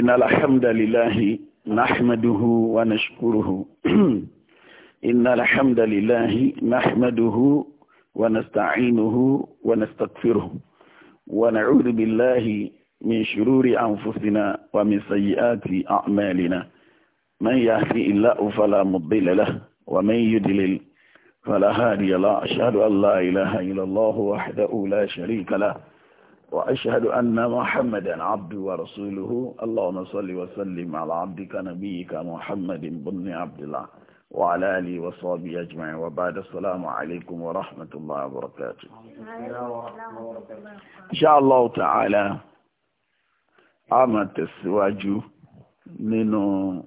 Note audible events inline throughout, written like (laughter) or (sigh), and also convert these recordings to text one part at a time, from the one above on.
إن الحمد لله نحمده ونشكره (clears throat) إن الحمد لله نحمده ونستعينه ونستغفره ونعوذ بالله من شرور أنفسنا ومن سيئات أعمالنا من يهدي الله فلا مضل له ومن يدلل فلا هادي له أشهد أن لا إله إلا الله وحده لا شريك له وأشهد أن محمدا عبد ورسوله اللهم صل وسلم على عبدك نبيك محمد بن عبد الله وعلى آله وصحبه أجمعين وبعد السلام عليكم ورحمة الله وبركاته إن شاء الله تعالى أما تسواجه nínú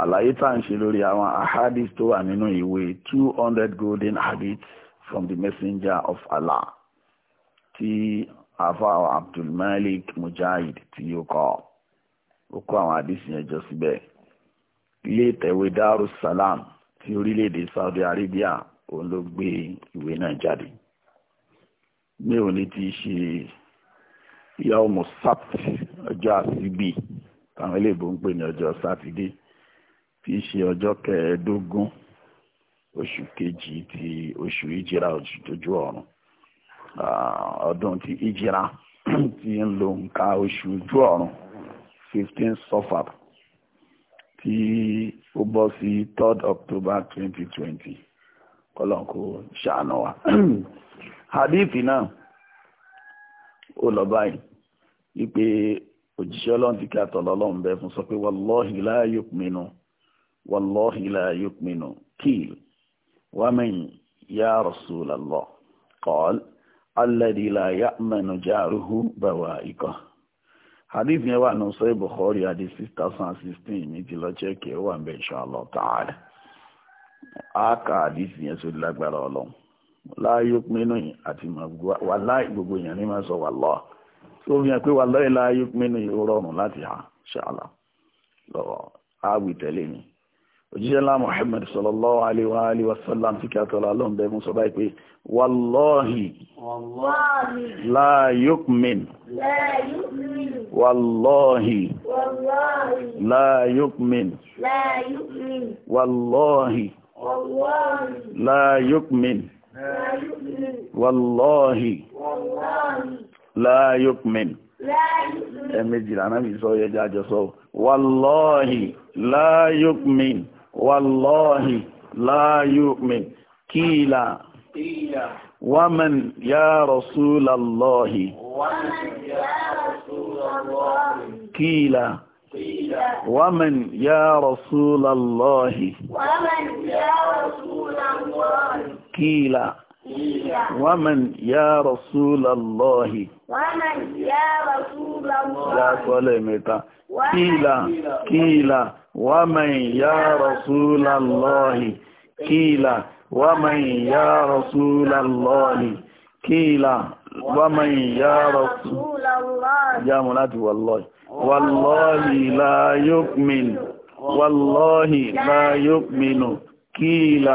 على tá ń ṣe أحاديث àwọn ahadith tó wà nínú ìwé 200 golden habits from the messenger of Allah tí àfáà abdulmalik mujahid tí ó kọ ó kó àwọn àdìsí yẹn jọ síbẹ̀ ilé ìtẹ̀wé darussalam ti orílẹ̀-èdè saudi arabia òun ló gbé ìwé náà jáde ní òní ti ṣe yawmu sabt ọjọ́ àsìbì táwọn eléèbó ń pè ní ọjọ́ sátidé tí í ṣe ọjọ́ kẹẹ̀ẹ́dógún oṣù kejì ti oṣù ìjìrà oṣù ọ̀run ọdún ti ìjìra ti (clears throat) ń lo nǹkan oṣù ojú ọ̀run fifteen sọfà tí ó bọ́ sí third october twenty twenty kọlọ́nkó ṣàánú wa. (clears throat) hadithi náà ó lọ báyìí wípé òjíṣẹ́ ọlọ́run ti kí àtọ̀lọ́ ọlọ́run bẹ́ẹ̀ fún sọ pé wallahi la yu'minu wallahi la yu'minu kíl wàmẹ́yìn ya rasulallah qala alladhi la ya'manu jaruhu bawa'iqah hadith yẹn wà ní sọ Bukhari hadith six thousand sixteen ní ti lọ chẹ́kì e, ó wà ń bẹ inshallah ta'ala a kà hadith yẹn sórí lágbára ọlọ́run láàyò pinnu àti wà láì gbogbo èèyàn ní máa sọ wà lọ tó fi hàn pé wà láì láàyò pinnu yìí ó rọrùn láti hà inshallah lọ́wọ́ á wì tẹ́lẹ̀ mi òjíṣẹ́ ńlá Muhammad sallallahu alaihi wa alihi wasallam tí kí àtọ́lá lọ́n bẹ mú sọ báyìí pé wallahi la yukmin wallahi la yukmin wallahi la yukmin wallahi la yukmin ẹ̀mẹ́jìlá náà fi sọ yẹjá àjọsọ wallahi la yukmin. والله لا يؤمن كيلا ومن يا رسول الله كيلا ومن يا رسول الله ومن يا رسول الله كيلا ومن يا رسول الله ومن يا رسول الله يا سلمتا كيلا كيلا ومن يَا رَسُولَ اللَّهِ كِيلَ ومن يَا رَسُولَ اللَّهِ كِيلَ ومن يَا رَسُولَ اللَّهِ يَا مناد والله وَاللَّهِ لَا يؤمن وَاللَّهِ لَا يؤمن كِيلَ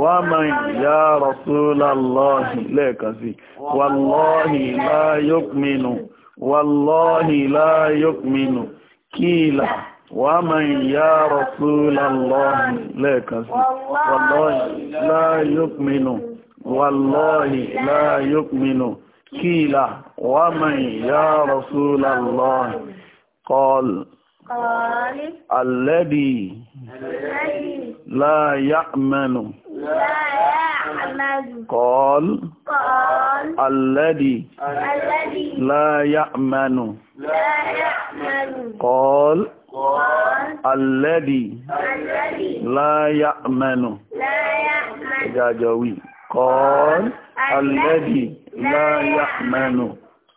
ومن يَا رَسُولَ اللَّهِ لكسي وَاللَّهِ لَا يؤمن وَاللَّهِ لَا يؤمن كِيلَ ومن يا رسول الله لك والله لا يؤمن والله لا يؤمن كيلا ومن يا رسول الله قال الذي لا يأمن قال الذي لا يأمن قال alẹ́dì láyàmẹ́nu ìjájọ́ wí kọ́ọ̀l alẹ́dì láyàmẹ́nu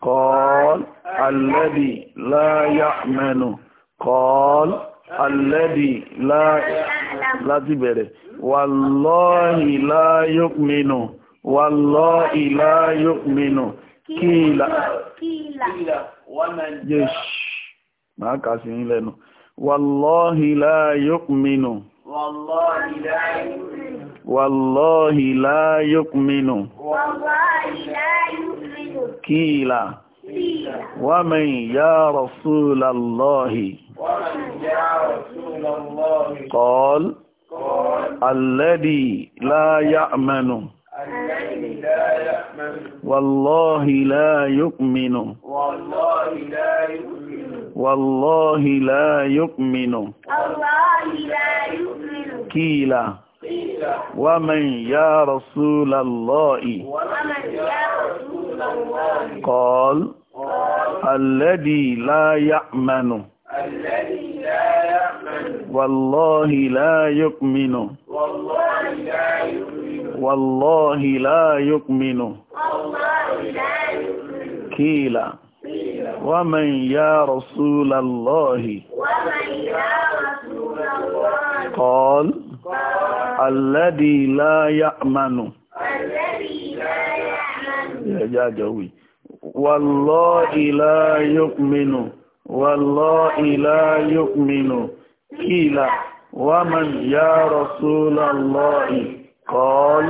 kọ́ọ̀l alẹ́dì láyàmẹ́nu kọ́ọ̀l alẹ́dì láti bẹ̀rẹ̀ wàlọ́ọ̀hì láyọ́mẹ́nu wàlọ́ọ̀hì láyọ́mẹ́nu kíìlà kíìlà wọ́n mẹ́jẹ̀ ṣì máa kà sí ní lẹ́nu والله لا يؤمن والله لا يؤمن والله لا يؤمن والله لا يؤمن كيلا ومن يا رسول الله ومن يا رسول الله قال الذي لا يأمن والله لا يؤمن والله لا يؤمن والله لا يؤمن والله لا يؤمن كيلا ومن يا رسول الله ومن يا رسول الله قال الذي لا يأمن والله لا يؤمن والله لا يؤمن والله لا يؤمن كيلا ومن يا رسول الله قال الذي لا يأمن يا جوي والله لا يؤمن والله لا يؤمن قيل ومن يا رسول الله قال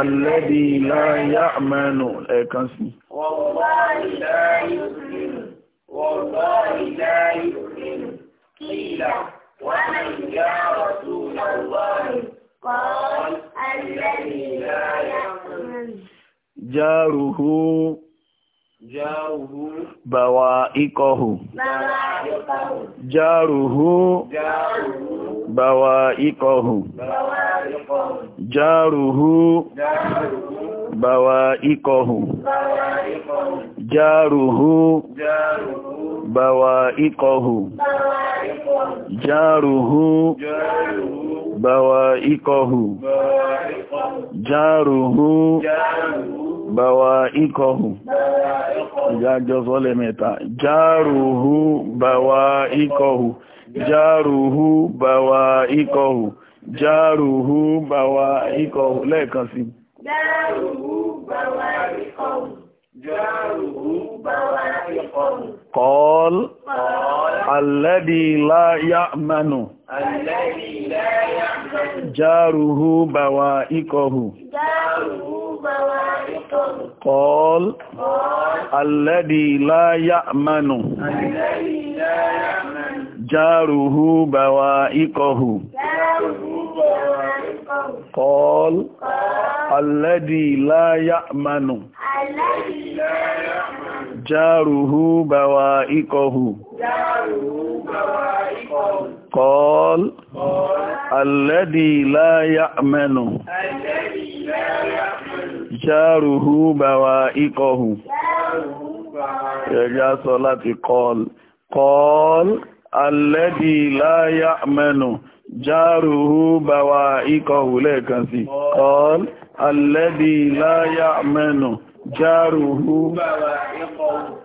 الذي لا يأمن والله لا يؤمن والله لا يؤمن قيل ومن يا رسول الله قال الذي لا يؤمن جاره جاره بوائقه جاره بوائقه جاره بوائقه جاره بوائقه Jaruhu بوائقه جاره بوائقه ìyájọ́ sọ́lẹ̀ mẹ́ta jáàrùhú bàwà ikọ̀hù Jaruhu bàwà ikọ̀hù jáàrùhú bàwà ikọ̀hù lẹ́ẹ̀kan sí jáàrùhú bàwà قال الذي لا يأمن جاره بوائقه قال الذي لا يأمن جاره بوائقه جاره قال الذي لا يأمن جاره بوائقه قال الذي لا يأمن جاره بوائقه ẹ̀yà sọ láti kọl kọl alẹ́dì láyá mẹ́nu جاره بوائقه لكنسي قال الذي لا يأمن جاره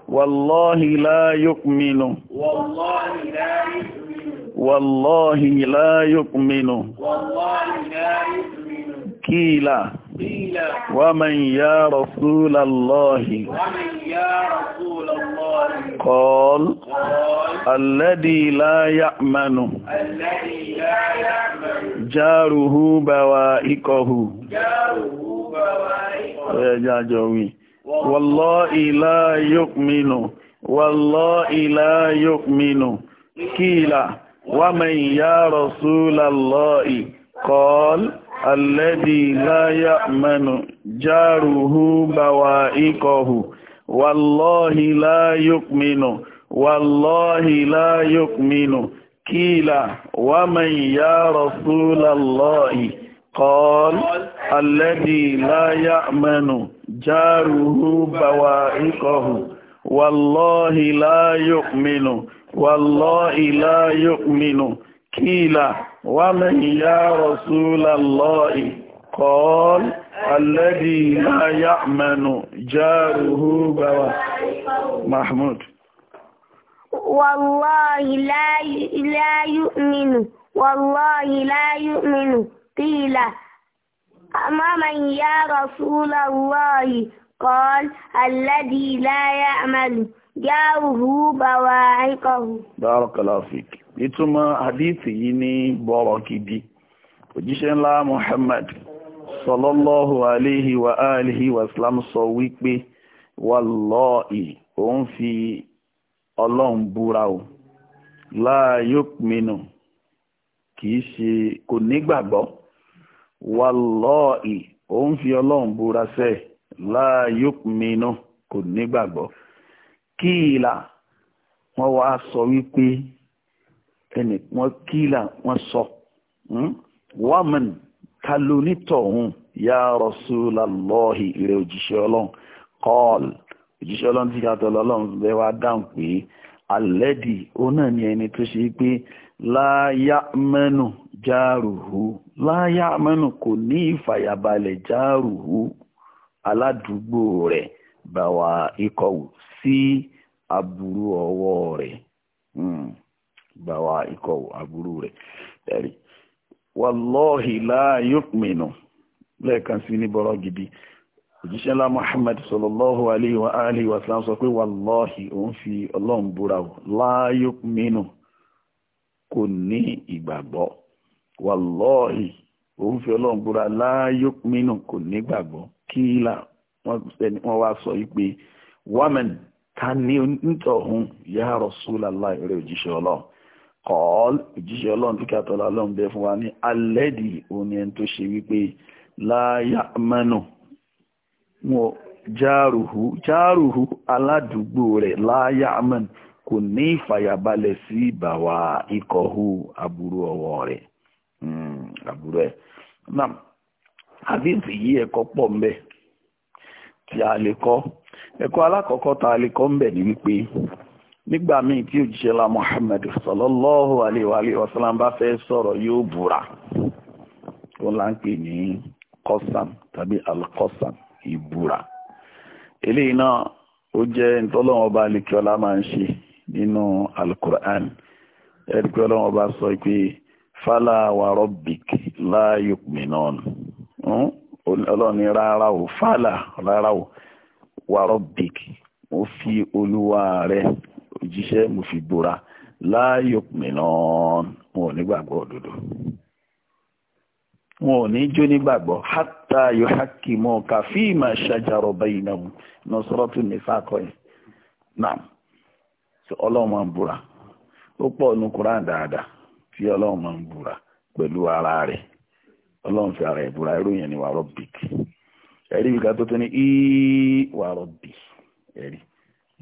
والله لا يؤمن والله لا يؤمن والله لا يؤمن والله لا يؤمن كيلا ومن يا رسول الله قال الذي لا يأمن جاره بوائقه والله لا يؤمن والله لا يؤمن قيل ومن يا رسول الله قال الذي لا يأمن جاره بوائقه والله لا يؤمن والله لا يؤمن قيل ومن يا رسول الله قال الذي لا يأمن جاره بوائقه والله لا يؤمن والله لا يؤمن قيل ومن يا رسول الله قال الذي لا يأمن جاره بوا محمود والله لا لا يؤمن والله لا يؤمن قيل أما من يا رسول الله قال الذي لا يعمل جاره بواعقه بارك الله فيك ìtumọ̀ hadithi yìí ní bọ̀rọ̀ gidi òjíṣẹ́ ńlá Muhammad sallallahu alayhi wa alihi wa sallam sọ wípé o òun fi ọlọ́run búra o la yu'minu kìí ṣe kò nígbàgbọ́ wallahi òun fi ọlọ́run búra sẹ́ la yu'minu kò nígbàgbọ́ kíìlà wọ́n wá sọ wípé ẹnì wọ́n kílà wọ́n sọ hmm? wọ́mìn talonítọ̀ ọ̀hún ya Rasulallahi ìrẹ̀ òjíṣẹ́ ọlọ́run kọ́ọ̀l òjíṣẹ́ ọlọ́run tí yàtọ̀ ọlọ́run bẹ wá dáhùn pé alẹ́dì ó náà ní ẹni tó ṣe pé láyà mẹ́nu jáàrùhù láyà mẹ́nu kò ní ìfàyàbalẹ̀ jáàrùhù aládùúgbò rẹ̀ bàwà ikọ̀wù sí aburú ọwọ́ rẹ̀. Mm. gbawa wá ikọ̀ re rẹ̀ ẹ̀rí wàlọ́ọ̀hì láàyò mìíràn lẹ́ẹ̀kan sí ní gidi Muhammad sallallahu alaihi wa alihi wa sallam sọ pé wàlọ́ọ̀hì òun fi ọlọ́run búra o láàyò mìíràn kò ní ìgbàgbọ́ fi ọlọ́run búra láàyò mìíràn kò ní ìgbàgbọ́ kíílà wọ́n sọ yìí ya kọ́ọ̀lù òjíṣẹ́ ọlọ́run tí kàtọ́ lọ́run bẹ fún wa ní alẹ́dì òní ẹni tó ṣe wípé láyà mẹ́nu wọn jáàrùhù jáàrùhù aládùúgbò rẹ̀ láyà mẹ́nu kò ní ìfàyàbalẹ̀ sí ìbàwà ikọ̀hù àbúrò ọwọ́ rẹ̀ àbúrò hmm, ẹ̀ náà àdéhùn yìí ẹ̀kọ́ pọ̀ mbẹ́ tí a lè kọ́ ẹ̀kọ́ alákọ̀ọ́kọ́ tá lè kọ́ mbẹ́ ni wípé nígbà míì tí òjíṣẹ́ la Muhammad sallallahu alaihi wa sallam bá fẹ́ sọ̀rọ̀ yóò búra tó là ń pè ní kọ́sàm tàbí alkọ́sàm ìbúra eléyìí náà ó jẹ́ ntọ́lọ́wọ́n ọba alikiola máa ń ṣe nínú alukur'an ẹ̀ríkọ́ ọlọ́wọ́n ọba sọ pé fala wa rabbik la yu'minun hmm? ọlọ́ni rárá o fala rárá o wa rabbik mo fi olúwa rẹ̀ òjíṣẹ́ mo fi bora láàyò mìíràn wọn ò ní gbàgbọ́ òdodo wọn ò ní jó nígbàgbọ́ hátà yóò hákì mọ́ kàfí ìmọ̀ báyìí náà mú iná sọ́rọ́ tún ní yẹn ara fi ara ẹ̀ búra irú yẹn ni wàá tó ní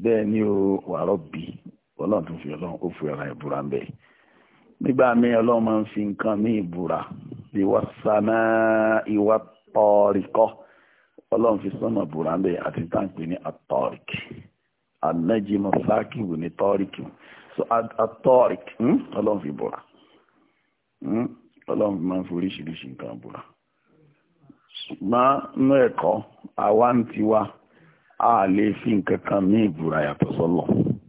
bẹ́ẹ̀ ni o wàárọ̀ bì ọlọ́run tún fi ọlọ́run ó fi ọ̀ràn ìbúra ń bẹ̀. nígbà míì ọlọ́run máa ń fi nǹkan míì búra bí wọ́n sáná ìwà tọ́ọ̀rìkọ́ ọlọ́run fi sọ́nà búra ń bẹ̀ àti táǹpì ní àtọ́ọ̀rìkì anájímọ̀ sákìwù ní tọ́ọ̀rìkì so àtọ́ọ̀rìkì hmm? ọlọ́run fi búra hmm? ọlọ́run máa ń fi oríṣiríṣi nǹkan búra ṣùgbọ́n nú ẹ̀kọ́ àwa ń tiwa a lè fi nǹkan kan mí ìbúra yàtọ̀ sọ́lọ̀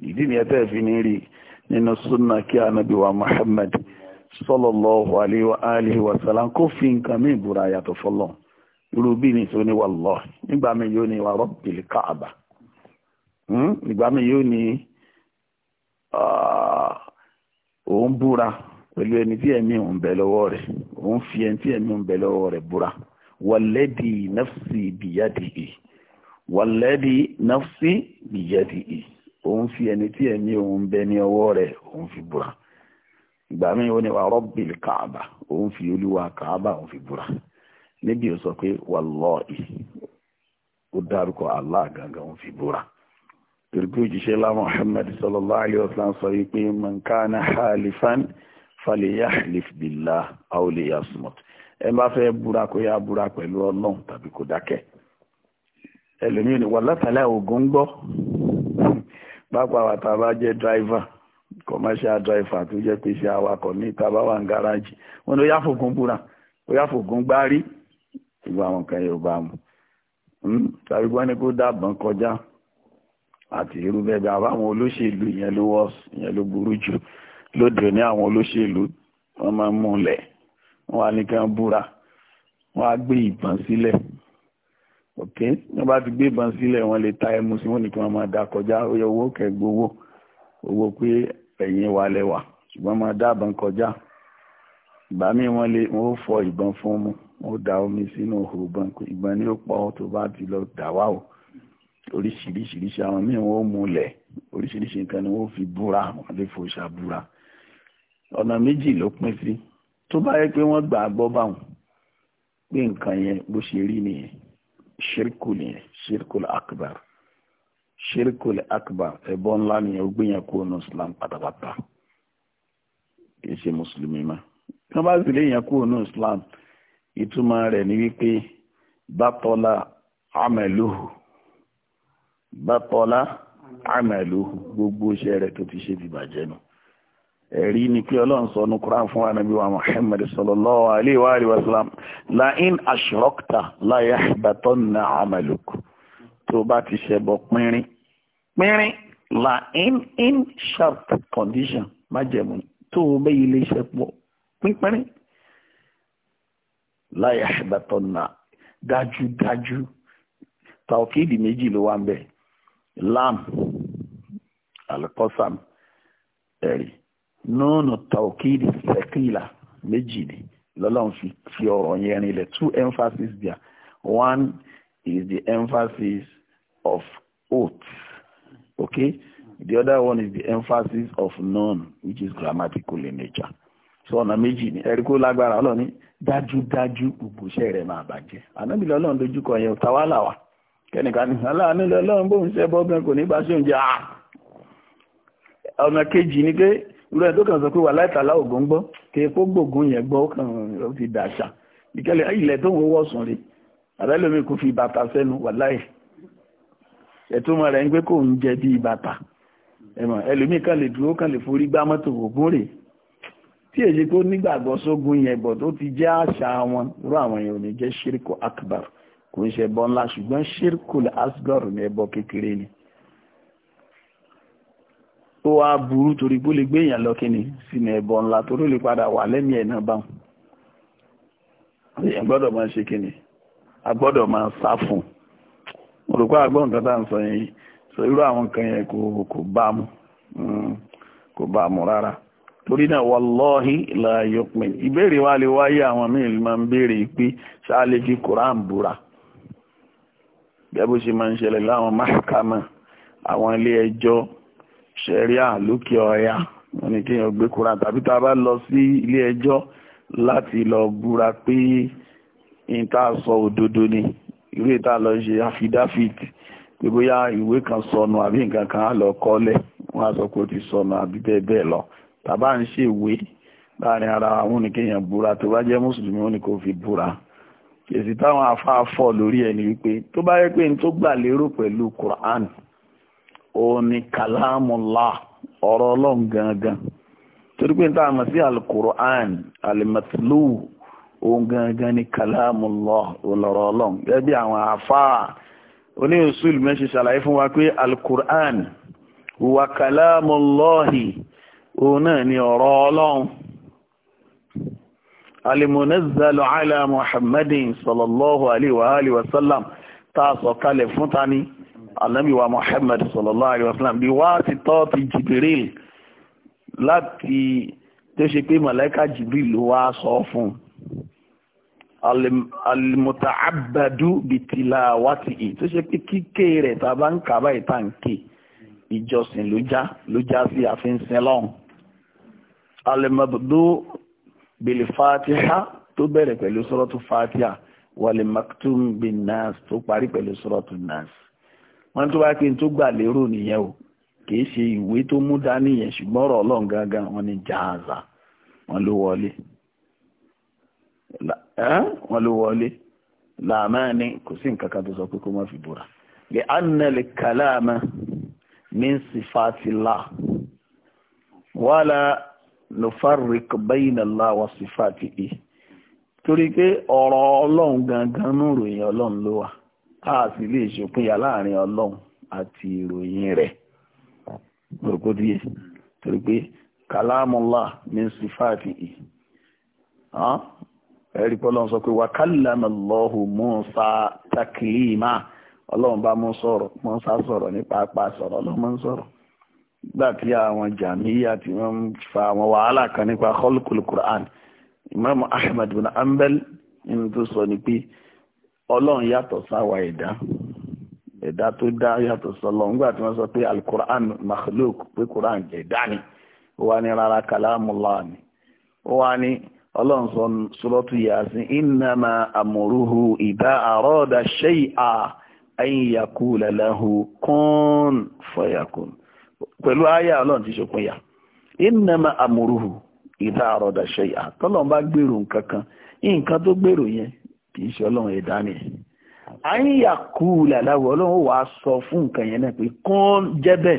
ìdí ni ẹ̀tẹ́ fi ní rí nínú súnà kí anábì wa Muhammad sallallahu alaihi wa alihi wa sallam kó fi nǹkan mí ìbúra yàtọ̀ fọ́lọ̀ irú bí ní tó ní nígbà mi yóò ní wa rabbil káàbà hmm? nígbà mi yóò ní òun búra pẹ̀lú ẹni tí ẹ̀mí ń bẹ lọ́wọ́ rẹ̀ òun fi ẹni tí ẹ̀mí ń bẹ lọ́wọ́ rẹ̀ búra walladhi nafsi biyadihi wàlẹ́dì nafsi bìyẹ́dì ì òun fi ẹni tí ẹ̀mí òun bẹ ní ọwọ́ rẹ̀ òun fi búra ìgbà míì ó ní wa rọ́bìl kàába òun fi olúwa kàába òun fi búra níbi ó sọ pé wàlọ́ọ̀ì ó dárúkọ Allah gangan òun fi búra tìrìkú òjíṣẹ́ lá Muhammad sallallahu alayhi wa sallam sọ wípé man kana halifan falyahlif billah aw liyasmut ẹ bá fẹ́ búra kó yá búra pẹ̀lú ọlọ́run tàbí kó dákẹ́ ẹlòmíì ni wọ́n látàlá ògùn ń gbọ́ pápá wa jẹ́ dráìvà commercial driver tó jẹ́ pé iṣẹ́ awakọ̀ ní tá a bá wà ní gáràjì wọn ló yáfògùn búra ó yáfògùn gbárí ìgbà àwọn kan yóò bá mu hmm? tàbí wọ́n ní kó dábàá kọjá àti irú bẹ́ẹ̀ àwọn olóṣèlú ìyẹn ló wọ́ ìyẹn ló burú jù lóde òní àwọn olóṣèlú wọ́n máa ń múlẹ̀ wọ́n wá ní kí búra wọ́n á gbé ìbọn sílẹ̀ ok wọ́n bá ti gbé ìbọn sílẹ̀ wọ́n lè ta ẹmu sí wọ́n ní kí wọ́n máa dá kọjá ó yẹ owó kẹgbẹ́ owó owó pé ẹ̀yìn wa lẹ́wà ṣùgbọ́n máa dá ìbọn kọjá ìgbà míì wọ́n lè wọ́n fọ ìbọn fún mu wọ́n da omi sínú òhò ìbọn ìbọn ni ó pọ̀ tó bá ti lọ dà wá o oríṣiríṣiríṣi àwọn míì wọ́n múlẹ̀ oríṣiríṣi nǹkan ni wọ́n fi búra wọ́n lè fòṣà búra ọ̀nà méjì ló pín sí tó bá yẹ pé wọ́n gbà á gbọ́ báwọn pé nǹkan yẹn bó ṣe rí nìyẹn ṣírkù nìyẹn ṣírkù akbar ṣírkù akbar ẹbọ ńlá nìyẹn ó gbìyàn kó nù islam pátápátá kìí ṣe mùsùlùmí mọ́ tí wọ́n bá sì léèyàn kó nù islam ìtumọ̀ rẹ̀ ni wípé bátọ́lá amẹ̀lúhù bátọ́lá amẹ̀lúhù gbogbo iṣẹ́ rẹ̀ tó ti ṣe ti bàjẹ́ nù ẹ̀rí ni pé ọlọ́run sọ ní kúrán fún ànábì wa Muhammad sallallahu alaihi wa alihi wa sallam la in ashrakta la yahbatanna amaluk tó bá ti ṣẹbọ pínrín pínrín la in sharp condition májẹ̀mú tó bẹ́ ilé iṣẹ́ pọ̀ pínpínrín la yahbatanna dájúdájú tàwọ́kìdì méjì ló wà ń bẹ̀ lam alqasam ẹ̀rí nùnù tàwùkìdì sẹ́kìlà méjì ni lọ́lọ́run fi fi ọ̀rọ̀ yẹn rinlẹ̀ two emphasis there one is the emphasis of oath okay the other one is the emphasis of none which is grammatical in nature so ọ̀nà méjì ni ẹ̀rí kó lágbára ọlọ́run ní dájúdájú gbogbo iṣẹ́ rẹ̀ máa bàjẹ́ ànábì lọ́lọ́run dojúkọ yẹn ọ̀tá wà láwà kẹ́nìkan ní aláàánú lọ́lọ́run bóun ṣẹ́ bọ́ọ̀gàn kò ní bá ṣe oúnjẹ ah! ọ̀nà kejì ni pé irú ẹ̀ tó kàn sọ pé wà láìtàlá ògùn gbọ́ kí epo gbògùn yẹn gbọ́ ó kàn ó fi dàṣà ìkẹlẹ̀ ilẹ̀ tó ń wọ́ sùn rí àbẹ́lómi kò fi bàtà sẹ́nu wà láì ẹ̀túnmọ̀ rẹ̀ ń pé kò ń jẹ bí bàtà ẹ̀mọ̀ ẹlòmíì kan lè dúró kan lè forí gbá mọ́tò ògùn rè tí èyí tó nígbàgbọ́ sógun yẹn bọ̀ tó ti jẹ́ àṣà wọn rú àwọn yẹn ò ní jẹ́ ṣírkù akbar kò ń ṣe ẹbọ ńlá ṣùgbọ́n ṣírkù asgar ní ẹbọ kékeré ni ó wá burú torí lè gbé lọ sínú ẹbọ ńlá torí lè padà wà lẹ́mìí ẹ̀nà náà báwọn èèyàn gbọ́dọ̀ máa ṣe kíni a gbọ́dọ̀ máa sá fún mo rò pé nǹkan sọ yẹn sọ irú àwọn nǹkan yẹn kò bá mu hmm, kò bá mu rárá torí náà ìbéèrè wa lè wáyé àwọn míì máa ń béèrè pé ṣáà lè fi ṣẹ̀ríà lókè ọ̀yà wọ́n ní kéèyàn gbé kura tàbí tá a bá lọ sí ilé ẹjọ́ láti lọ búra pé n tá a sọ òdodo ni irú ètò àlọ́ ṣe affidavit pé bóyá ìwé kan sọnù àbí nǹkan kan á lọ kọ́lẹ̀ wọ́n á sọ pé ó ti sọnù àbí bẹ́ẹ̀ bẹ́ẹ̀ lọ tàbá ń ṣèwé láàrin ara àwọn ní kéèyàn búra tó bá jẹ́ mùsùlùmí ó ní kó fi búra kèsì táwọn afáfọ́ lórí ẹni wípé tó bá yẹ pé n tó gbà lérò pẹ̀lú Quran òun ni kalamullah ọ̀rọ̀ ọlọ́run gangan torí pé n táwọn mọ̀ sí alukur'an alimatulu òun gangan ni kalamullah ọ̀rọ̀ ọlọ́run gẹ́gẹ́ bí àwọn àfáà oní usul mẹ́ṣe ṣàlàyé fún wa pé alukur'an huwa kalamullahi òun náà ni ọ̀rọ̀ ọlọ́run alimunazzalu ala muhammadin sallallahu alaihi wa sallam tá sọ kalẹ̀ fún ta ni anábìwa Muhammad sallallahu alayhi wa sallam bí wá ti tọ́ ti Jibril láti tó ṣe pé màláíkà Jibril ló wá sọ fún alimutaabadu bitilawati tó ṣe pé kíké rẹ̀ tàbá ń kàbá ìta ń ké ìjọsìn ló já ló já sí àfihàn lọ́hùn alimabdu bilifatiha tó bẹ̀rẹ̀ pẹ̀lú sọ́rọ́tù fatiha wàlẹ̀ maktum bin nas tó parí pẹ̀lú sọ́rọ́tù nas wọ́n tó bá kí n tó gbà lérò nìyẹn o kì í ṣe ìwé tó mú dání yẹn ṣùgbọ́n ọ̀rọ̀ ọlọ́run gangan wọ́n ní jahaza wọ́n ló wọlé wọ́n ló wọlé làmáàní kò sí nǹkan kan tó sọ pé kó má fi búra lè ánàlè kàláàmà min sifatillah wala nufarriq bayna Allah wa sifatihi torí pé ọ̀rọ̀ ọlọ́run gangan nù ròyìn ọlọ́run ló wà a sì lè ṣòpinya láàrin ọlọ́run àti ìròyìn rẹ̀ gbòrògbòdìyẹ torí pé kàlámùlá min sífàtì ì ẹ̀rí pé ọlọ́run sọ pé wà kálàmùlọ́hù Mùsá takìlímà ọlọ́run bá mú sọ̀rọ̀ Mùsá sọ̀rọ̀ nípa apá sọ̀rọ̀ ọlọ́run sọ̀rọ̀ nígbà tí àwọn jàmíyà tí wọ́n ń fa àwọn wàhálà kan nípa khalqul Qur'an Imam Ahmad bin Hanbal nínú tó sọ ni pé ọlọ́run yàtọ̀ sáwa ẹ̀dá ẹ̀dá tó dá yàtọ̀ sọlọ ńgbà tí wọ́n sọ pé alukur'an makhluk pé kur'an ẹ̀dá ni ó wá ní rárá kalamullah ó wá ní ọlọ́run sọ suratu yasin innama amruhu idha arada shay'a an yaqula lahu kun fayakun pẹ̀lú ọlọ́run ti ṣokùn yà kì í ṣe ọlọ́run ẹ̀dá ni àyìn yàkú ọlọ́run ó wà sọ fún nǹkan yẹn náà pé kán jẹ́bẹ̀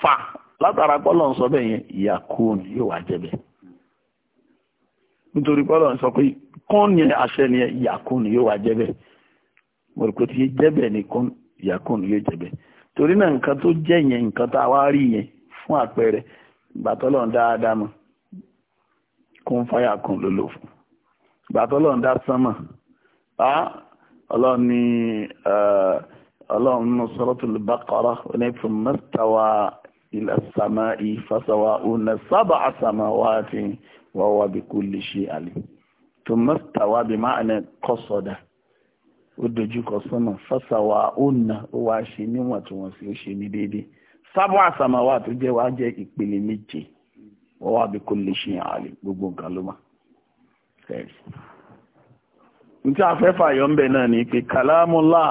fà látara pọ́lọ̀ ń sọ bẹ́ẹ̀ yẹn yàkú yóò wà jẹ́bẹ̀ nítorí pọ́lọ̀ ń sọ pé kán ni àṣẹ ni yàkú yóò wà jẹ́bẹ̀ mo rò pé tí jẹ́bẹ̀ ni kán yàkú torí náà nǹkan tó jẹ́ yẹn nǹkan tá a wá rí yẹn fún àpẹẹrẹ gbàtọ́lọ̀ ń dáadáa kún fáyà kan ló lò fún Ah, ọlọ́run ní eh, ọlọ́run ní suratul Baqara ní thumma stawa ila as-sama'i fasawa'unna sab'a samawatin wa huwa bikulli shay'in alim thumma stawa bi ma'na qasada ó dojúkọ sọ́nà fasawa'unna ó wá ṣe níwọ̀ntúnwọ̀nsì ó ṣe ní déédéé sábà àsàmàwà tó jẹ́ wá jẹ́ ìpele méje wọ́n wà bí kulli shay'in alim gbogbo nǹkan ló mọ̀. nke a fẹ́ ń bẹ̀ náà ni pé kàlámùlá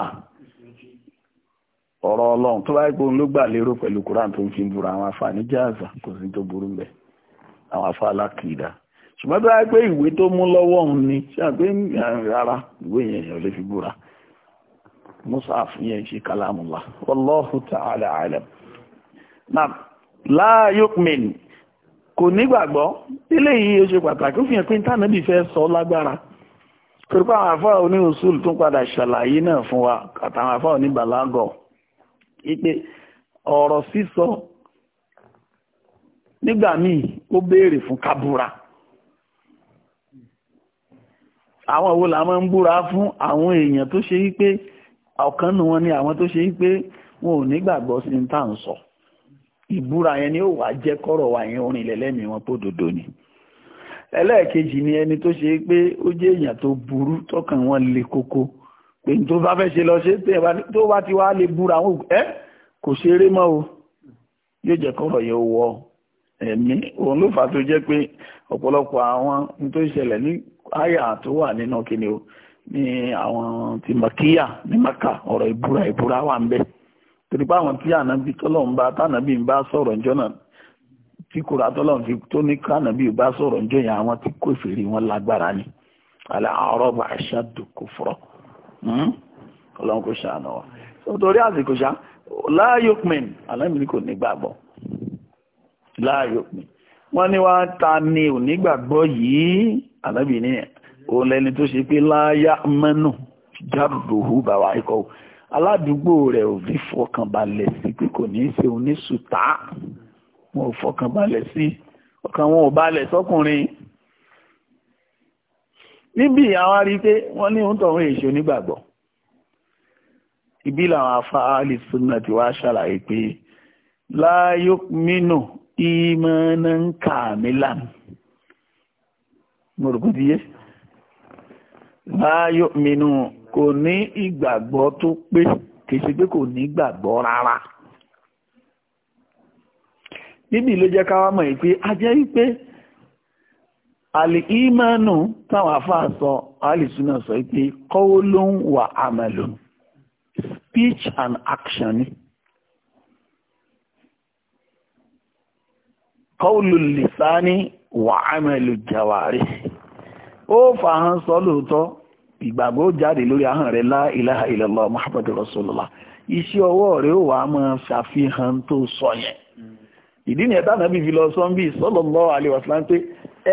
ọ̀rọ̀ ọlọ́run tó bá yẹ ló gbà lérò pẹ̀lú koran tó ń fi búra àwọn afáàní jáàzà kò sí tó burú àwọn afá ṣùgbọ́n tó bá yẹ ìwé tó mú lọ́wọ́ òun ni àgbé rárá ìwé yẹn lè fi búra torípa àwọn afọ́ oní usul tún padà ṣàlàyé náà fún wa àtàwọn afọ́ oní bàlágọ̀ ipe ọ̀rọ̀ sísọ nígbà míì ó béèrè fún kábúra àwọn wo la máa ń búra fún àwọn èèyàn tó ṣe wípé ọ̀kan nù wọn ni àwọn tó ṣe wípé wọn ò nígbàgbọ́ sí ní tá ń sọ ìbúra yẹn ni ó wàá jẹ́ kọ́rọ̀ wa yẹn orin ilẹ̀ lẹ́mìí wọn pò dodo ni. ẹlẹ́ẹ̀kejì ni ẹni tó ṣe pé ó jẹ́ èèyàn tó burú tọkàn wọn le koko pé tó bá fẹ́ ṣe lọ ṣe tó bá ti wá lè búra wọn ẹ kò ṣeré mọ́ o yóò jẹ́ kọ́rọ̀ yẹn wọ ẹ̀mí òun ló fà tó jẹ́ pé ọ̀pọ̀lọpọ̀ àwọn tó ṣẹlẹ̀ ní àyà tó wà nínú kíni o ní àwọn ti màkíyà ní maka ọ̀rọ̀ ìbúra ìbúra wà ń bẹ torí pé àwọn tí ànábì tọ́lọ́ ń bá tànábì ń bá sọ̀rọ̀ ìjọ náà tí kò rà tọ́lọ́run fi tó ní kánà bí o bá sọ̀rọ̀ njọ́ yẹn àwọn tí kò fèrè wọn lágbára ni àlẹ́ àárọ̀ bá aṣá dòkò fọ́rọ̀ hmm? ọlọ́run kò ṣàánú wa torí àsìkò ṣá láàyò pin aláìmí kò ní gbàgbọ́ láàyò pin wọ́n ní wá ta ni onígbàgbọ́ yìí aláìmí ni òun lẹni tó ṣe pé láyà mẹ́nu jábùdòhù bàwá ikọ̀ aládùúgbò rẹ̀ ò fi fọkànbalẹ̀ sí pé kò ní í ṣe oníṣùtá wọn ò fọkàn balẹ̀ sí ọkàn wọn ò balẹ̀ sọ́kùnrin níbi àwọn arí pé wọ́n ní oúntọ̀ ohun èṣò nígbàgbọ́ ibi làwọn afá alìsúnà ti wá ṣàlàyé pé láyó mínú ìmọ̀nà ń kà mí lánà mo rò kó láyó mínú kò ní ìgbàgbọ́ tó pé kìí ṣe pé kò ní ìgbàgbọ́ rárá níbi ló jẹ́ káwá mọ̀ pé a jẹ́ wípé alìímánù táwọn afáà sọ alìsúná sọ pé qawlun wa amalun speech and action ni qawlul lisani wa amalu jawari ó fàáhán sọ lóòótọ́ ìgbàgbọ́ jáde lórí ahọ́n rẹ̀ la ilaha illallah muhammadu rasulullah iṣẹ́ ọwọ́ rẹ̀ ó wàá máa ṣàfihàn tó sọ yẹn ìdí ni ẹ̀dá náà bí fi lọ sọ́nbí sallallahu alaihi wasallam pé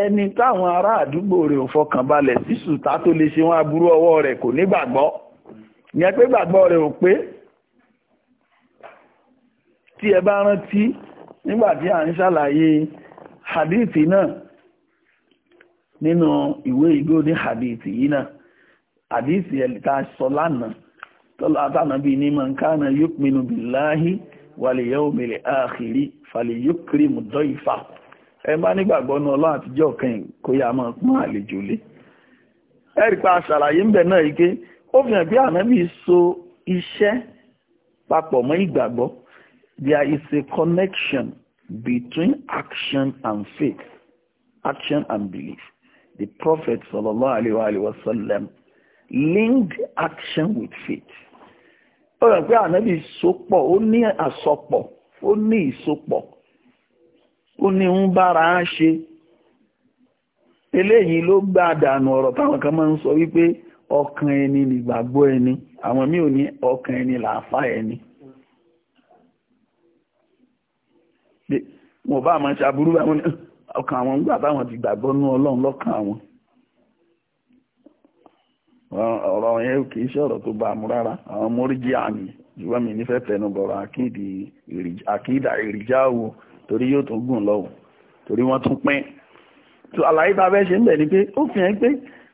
ẹni táwọn ará àdúgbò rẹ̀ ò fọkàn balẹ̀ sísù tá tó lè ṣe wọn aburú ọwọ́ rẹ̀ kò ní gbàgbọ́ ìyẹn pé gbàgbọ́ rẹ̀ ò pé tí ẹ bá rántí nígbà tí à ń ṣàlàyé hadith náà nínú ìwé ìgò ní hadith yìí náà hadith yẹn tá a sọ lánàá tọ́lá tánàbí ní man kana yu'minu billahi wal-yawmil akhir falyukrim dayfa ẹ má nígbàgbọ́ ní ọlọ́run àtijọ́ kan kó yá máa pọ́n àlejò lé ẹ̀rí pa àṣàlàyé ń bẹ̀ náà yìí pé ó fi hàn bí ànábì so iṣẹ́ papọ̀ mọ́ ìgbàgbọ́ there is a connection between action and faith action and belief the prophet sallallahu alayhi wa sallam linked action with faith ó rẹ̀ pé ànábì sopọ̀ ó ní àsopọ̀ ó ní ìsopọ̀ ó ní ń bára ṣe eléyìí ló gbá dànù ọ̀rọ̀ táwọn kan máa ń sọ wípé ọkàn ẹni nìgbàgbọ́ ẹni àwọn míì ò ní ọkàn ẹni làáfà ẹni mo bá àwọn ṣàbúrú àwọn ọkàn àwọn gbà táwọn ti gbàgbọ́ nú ọlọ́run lọ́kàn àwọn ọ̀rọ̀ yẹn kì í ṣọ̀rọ̀ tó bá mú rárá àwọn móríjì àmì ṣùgbọ́n mi nífẹ̀ẹ́ tẹnu bọ̀rọ̀ àkídà ìrìjà wo torí yóò tún gùn lọ́wọ́ torí wọ́n tún pín tó àlàyé tá a fẹ́ ṣe ń bẹ̀ ni pé ó fi hàn pé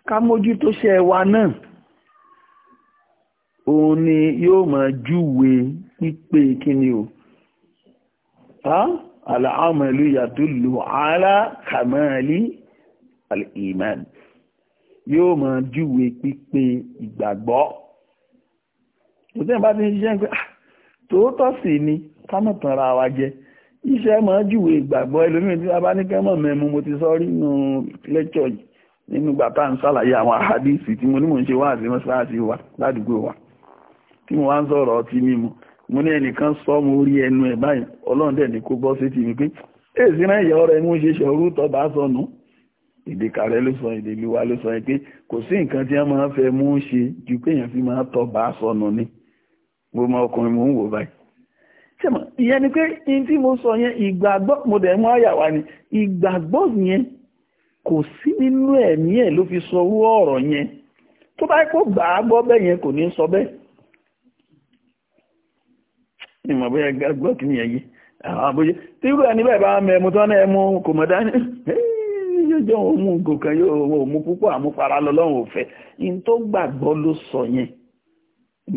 ká mójútó ṣe wa náà òun ni yóò máa júwe pípé kíni o àlàámọ̀lú yàtúlù alákàmọ́lì alìmọ́ni yóò máa júwe pípé ìgbàgbọ́ tó tẹ́yìn bá ti ń ṣiṣẹ́ pé ah, tòótọ́ sì ni ká má tanra wa jẹ iṣẹ́ máa júwe ìgbàgbọ́ ẹlòmíràn tí wọ́n bá ní kẹ́mọ̀ mẹ́mu mo ti sọ rí nínú lẹ́kṣọ̀ yìí nínú ìgbà tá à ń ṣàlàyé àwọn àhádìsì tí mo ní mò ń ṣe wá àti mọ́ṣáláṣí wa ládùúgbò wa tí mo wá ń sọ̀rọ̀ ọtí mímu mo ní ẹnìkan sọ mo rí ẹnu ẹ̀ báyìí ọlọ́run dẹ̀ ní kó bọ́ sétí mi pé èsì náà ìyá ọ̀rẹ́ mú ṣe ṣọ̀rú tọ́ bá sọnù èdè kàrẹ́ ló sọ èdè ìlú wa ló sọ pé kò sí nǹkan tí wọ́n máa fẹ́ mú ṣe ju pé èèyàn fi máa tọ̀ bá sọnù ni mo mọ ọkùnrin mò ń wò báyìí ṣẹ́mọ̀ ìyẹn ni pé in tí mo sọ yẹn ìgbàgbọ́ mo dẹ̀ mú àyà wa ni ìgbàgbọ́ yẹn kò sí nínú ẹ̀mí ẹ̀ ló fi sọ owó ọ̀rọ̀ yẹn tó bá kó gbà á gbọ́ bẹ́ẹ̀ yẹn kò ní sọ bẹ́ẹ̀ ìmọ̀ bóyá gbọ́ kí ni ẹ̀yí àwọn àbójẹ́ tí irú ẹni bẹ́ẹ̀ bá mẹ́mu tán náà ẹmu jọ òun ògùn kan yóò òun mú púpọ̀ àmúpara lọ́lọ́run ò fẹ́ in tó gbàgbọ́ ló sọ yẹn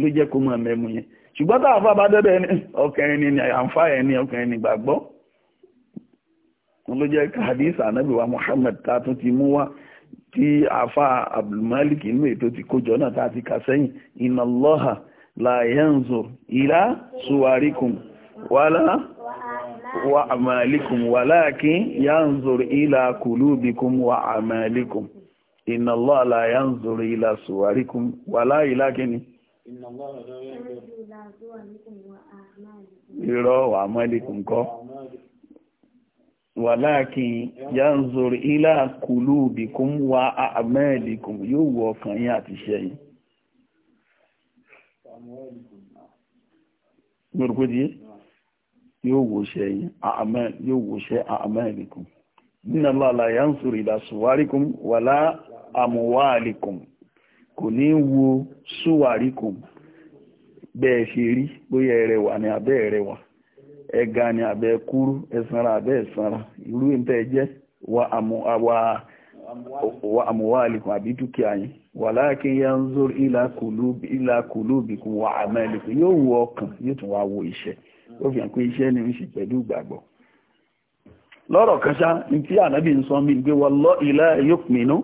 ló jẹ́ kó máa mẹ́mu yẹn ṣùgbọ́n táwọn afá bá dọ́dọ̀ ẹni ọkẹrin ni àǹfà ẹni ọkẹrin ni gbàgbọ́ ló jẹ́ hadith anabi wa Muhammad ta tún ti mú wá tí àfá Abdulmalik inú ètò ti kójọ náà tá a ti kà sẹ́yìn inna Allaha la yanzur ila suwarikum wa àmàlìkùm walakin yanzur ila kulubikum wa àmàlìkùm inna Allah la yanzur ila suwarikum wàlá ìlà kíni irọ́ wa àmàlìkùm kọ́ wàláàkín yanzur ilá kùlúbìkún wa àmẹ́ẹ̀lìkún yóò wọ ọkàn yín àti iṣẹ́ yín. Gbogbo yóò wòṣẹ́ yín àmẹ́ yóò wòṣẹ́ àmẹ́ ìrìkùn nínú lọ́la yà ń sọ̀rọ̀ ìlà sùwárìkùn wà láà àmúwáàlìkùn kò ní wo sùwárìkùn bẹ́ẹ̀ ṣe rí bóyá ẹrẹwà ni abẹ́ ẹrẹwà ẹga ni abẹ́ kúrú ẹsanra abẹ́ ẹsanra irú ìtẹ́ jẹ́ wà àmúwáàlìkùn àbí dúkìá yín wà láàkí yà ń sọ̀rọ̀ ìlà kùlúbìkùn wà àmẹ́ ìrìkùn yóò wo ọkàn yóò tún wá wo iṣẹ́ ó fi hàn pé iṣẹ́ ni ń ṣe pẹ̀lú ìgbàgbọ́ lọ́rọ̀ kan ṣá ní tí ànábì ń sọ mí gbé wallahi la yu'minu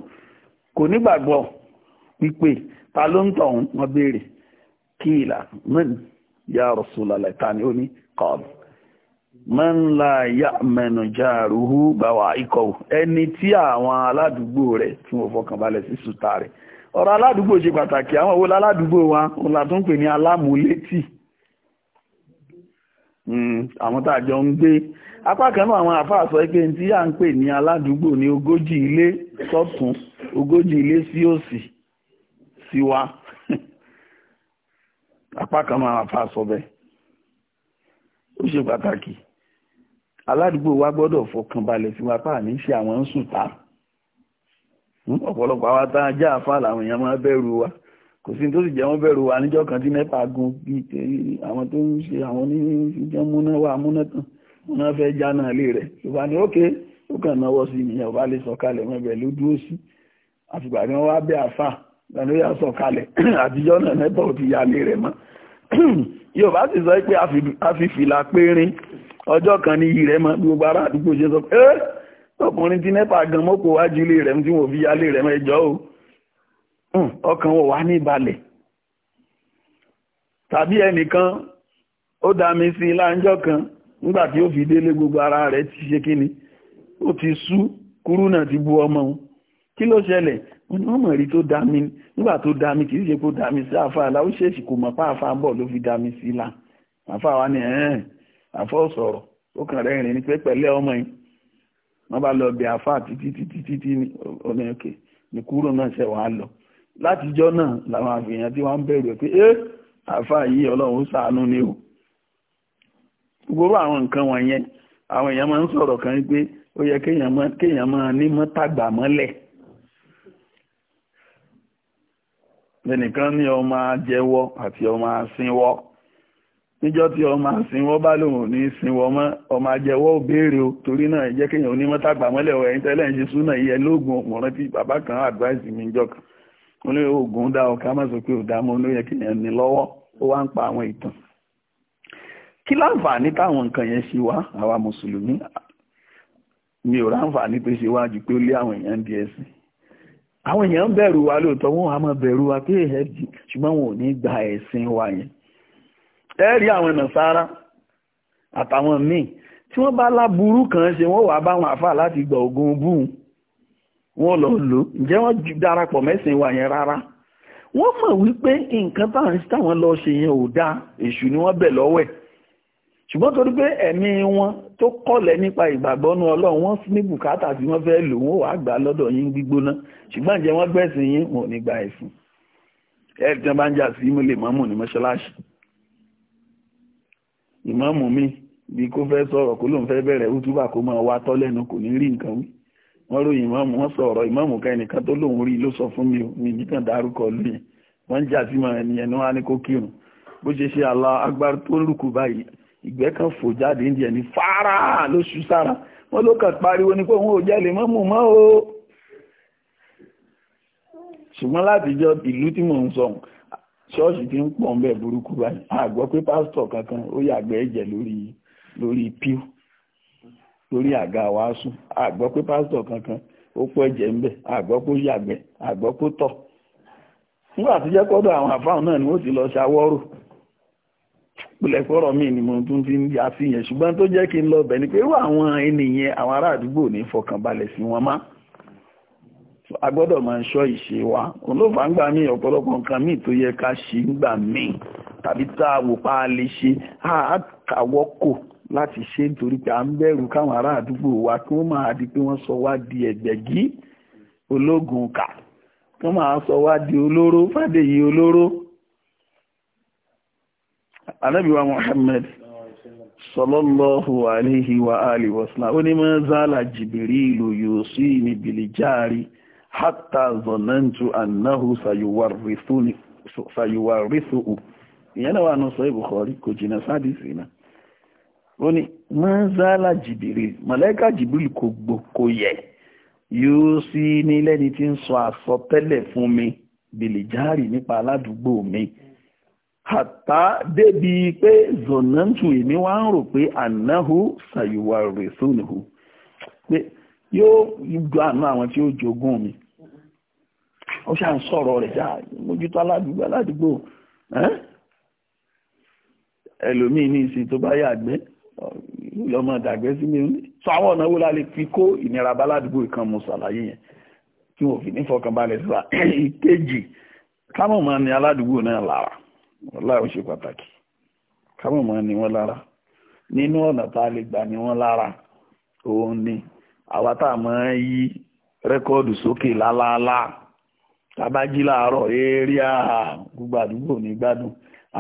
kò nígbàgbọ́ pípé ta ló ń tọ̀hún wọn béèrè kí ìlà mẹ́rin ya Rasulallah ta ni ó ní kọ́ọ̀lù man la ya'manu jaruhu bawa'iqahu ẹni tí àwọn aládùúgbò rẹ̀ tí wọ́n fọkànbalẹ̀ sí sùtà rẹ̀ ọ̀rọ̀ aládùúgbò ṣe pàtàkì àwọn owó aládùúgbò wa òun là ní alámúlétì Hmm, àwọn tàjọ ń gbé apá kanú àwọn àfáà sọ pé tí à ń pè ní aládùúgbò ní ogójì ilé sọ́tún ogójì ilé sí òsì sí wa (laughs) apá kanú àwọn àfáà sọ bẹ́ẹ̀ ó ṣe pàtàkì aládùúgbò wa gbọ́dọ̀ fọkàn balẹ̀ sí wa pa ní ṣe àwọn ń sùn ta hmm, ọ̀pọ̀lọpọ̀ àwọn tá a já àfáà làwọn èèyàn máa bẹ̀rù wa kò sí tó sì jẹ́ wọ́n bẹ̀rù wa níjọ́ kan tí mẹ́fà gun bí àwọn tó ń ṣe àwọn oníṣẹ́ múná wà múná tán múná fẹ́ já náà lé rẹ̀ ló bá ní ókè ó kàn náwó sí nìyẹn ò bá lè sọ̀kalẹ̀ mẹ́bẹ̀ ló dúró sí àfìgbà tí wọ́n wá bẹ́ àfà lọ́nà yà sọ̀kalẹ̀ (clears throat) àtijọ́ náà mẹ́fà ti ya lé rẹ̀ mọ́ (clears throat) yóò bá sì sọ pé a fi fìlà périn ọjọ́ kan ní iyì rẹ̀ mọ́ gbogbo ará àdúgbò ṣe sọ pé eh, ọkùnrin tí nẹ́pà gan mọ́kò wájú ilé rẹ̀ tí wọ́n fi yálé rẹ̀ mẹ́jọ́ o Hmm, ọkàn wọ̀ wá ní ìbalẹ̀ tàbí ẹnìkan ó dámi sí láńjọ́ kan nígbà tí ó fi délé gbogbo ara rẹ̀ ti ṣe kíni ó ti sú kúrú náà ti bu ọmọ òun kí ló ṣẹlẹ̀ wọn mọ̀ mọ̀ rí tó dámi nígbà tó dámi kì í ṣe kó dámi sí àfa àlá ó ṣèṣì kò mọ̀ páàfà bọ̀ ló fi dámi sí là àfa wa ni ẹ̀ẹ́n àfọ́ sọ̀rọ̀ ó kàn rẹ̀ rìn ní pé pẹ̀lẹ́ ọmọ yìí wọ́n bá lọ bẹ̀ àfa títí títí títí ní ọ̀nà òkè ní kúrò náà ṣẹ̀ wàá lọ látijọ́ náà làwọn àfihàn tí wọ́n ń bẹ̀rù pé é eh, àfà yìí ọlọ́run ṣàánú ni o gbogbo àwọn nǹkan wọ̀nyẹn àwọn èèyàn máa ń sọ̀rọ̀ kan pé ó yẹ kéèyàn máa ní mọ́tàgbà mọ́lẹ̀ lẹ́nìkan ní ọmọ ajẹ́wọ́ àti ọmọ asínwọ́ níjọ́ tí ọmọ asínwọ́ bá lòun ní sínwọ́ mọ́ ọmọ ajẹ́wọ́ ò béèrè o torí náà ẹ jẹ́ kéèyàn onímọ́tàgbà mọ́lẹ̀ ẹ̀yìn tẹ́lẹ̀ ń ṣe súnà yẹ lóògùn ọ̀pọ̀rán tí bàbá kan advice mi jọ kan mo ní oògùn dá ọkà má sọ pé ò dá mo ní ó yẹ kí yẹn ní lọ́wọ́ ó wá ń pa àwọn ìtàn kí láǹfààní táwọn nǹkan yẹn ṣe wá àwa mùsùlùmí mi ò ráǹfààní tó ṣe wá ju pé ó lé àwọn èèyàn di ẹ̀sìn àwọn èèyàn ń bẹ̀rù wa lóòótọ́ wọn á máa bẹ̀rù wa pé èèyàn di ṣùgbọ́n wọn ò ní gba ẹ̀sìn wa yẹn ẹ rí àwọn nàṣàrà àtàwọn míì tí wọ́n bá láburú kan ṣe wọ́n wàá bá àfà láti gbọ̀ ògùn búùn wọ́n lọ lò ǹjẹ́ wọ́n darapọ̀ mẹ́sìn wa yẹn rárá wọ́n mọ̀ wípé nǹkan táwọn táwọn lọ ṣe yẹn ò dáa èṣù ni wọ́n bẹ̀ lọ́wọ́ ẹ̀ ṣùgbọ́n torí pé ẹ̀mí wọn tó kọ̀lẹ̀ nípa ìgbàgbọ́nú ọlọ́run wọ́n ní bùkátà tí wọ́n fẹ́ lò wọ́n wàá gbà lọ́dọ̀ yín gbígbóná ṣùgbọ́n ǹjẹ́ wọ́n gbẹ̀sìn yín wọn ò ní gba ẹ̀sìn ẹ̀rí tí wọ́n bá ń jà sí mílè mọ́mù ní mọ́ṣáláṣí ìmáàmù mi bí kò fẹ́ sọ̀rọ̀ kó lóun fẹ́ bẹ̀rẹ̀ útúbà kó máa wá tọ́lẹ́nu kò ní rí nǹkan wí wọ́n ròyìn ìmáàmù wọ́n sọ̀rọ̀ ìmáàmù ká ẹnìkan tó lóun rí ló sọ fún mi ò nìkan dárúkọ lóyìn wọ́n ń jà sí màá ẹni ala wá ní kó kírun bó kan fò jáde ń diẹ ní fárá ló ṣú sára wọ́n ló kàn pariwo ni pé òun ò mọ́mù mọ́ o ṣùgbọ́n látijọ́ ìlú tí mò ń sọ ṣọ́ọ̀ṣì ń pọ̀ ń bẹ̀ burúkú báyìí pé pásítọ̀ kankan ó yàgbẹ́ ẹ̀jẹ̀ lórí lórí lórí àga wàásù àgbọ́ pé pásítọ̀ kankan ó pọ̀ ẹ̀jẹ̀ ń bẹ̀ àgbọ́ pé ó yàgbẹ́ àgbọ́ pé ó tọ̀ nígbà tó jẹ́ kọ́dọ̀ àwọn àfáàn náà ni wọ́n ti lọ ṣàwọ́rò pìlẹ̀ fọ́rọ̀ ni mo tún ti ń ya sí yẹn ṣùgbọ́n tó jẹ́ kí n lọ bẹ̀ ni pé irú àwọn ènìyàn àwọn ará àdúgbò ní fọkànbalẹ̀ sí wọn má a gbọ́dọ̀ máa ń ṣọ́ ìṣe wa ń gbà mí láti ṣe nítorí pé à ń bẹ̀rù káwọn ará àdúgbò wa kí wọ́n máa di pé wọ́n sọ wá di ẹ̀gbẹ̀gí ológun kà kí wọ́n máa sọ wá di olóró fàdéyí olóró anábìwá Muhammad sọlọ́lọ́hù àléhì wa àlìwọ̀sílá ó ní mọ́ zálà jìbìrí ìlú yóò sí ní bìlìjáàrí hátà zọ̀nàntù annáhù sayuwarrithu ìyẹn náà wà náà sọ ìbùkọ̀rí kò jìnà sádìsì náà ó ní mọ́ńsálà jìbìrì mọ̀lẹ́kà jìbìrì kò gbò kò yẹ yóò sí ní lẹ́ni tí ń sọ àsọtẹ́lẹ̀ fún mi bìlìjárì nípa aládùúgbò mi hàtà débi pé zonantu èmi wá ń rò pé anahu sayuwa resunuhu pé yóò gbọ́ àánú àwọn tí ó jogún mi ó ṣà ń sọ̀rọ̀ rẹ̀ já mójútó aládùúgbò aládùúgbò ẹlòmíì ní ìsìn tó bá yàgbẹ́ lọ́mọ dàgbẹ́ sí mi sọ àwọn ọ̀nà wo la lè fi kó ìnira bá ládùúgbò ìkan mo ṣàlàyé yẹn tí wọn ò fi ní fọkànbalẹ̀ síra ìkejì kámọ̀ máa ní aládùúgbò náà lára ọláyọ̀ ṣe pàtàkì kámọ̀ máa ní wọn lára nínú ọ̀nà tá a lè gbà ní wọn lára òun ni àwa tá a máa ń yí rẹ́kọ́ọ̀dù sókè lálálá tá a bá jí láàárọ̀ eré àà gbogbo àdúgbò ní gbádùn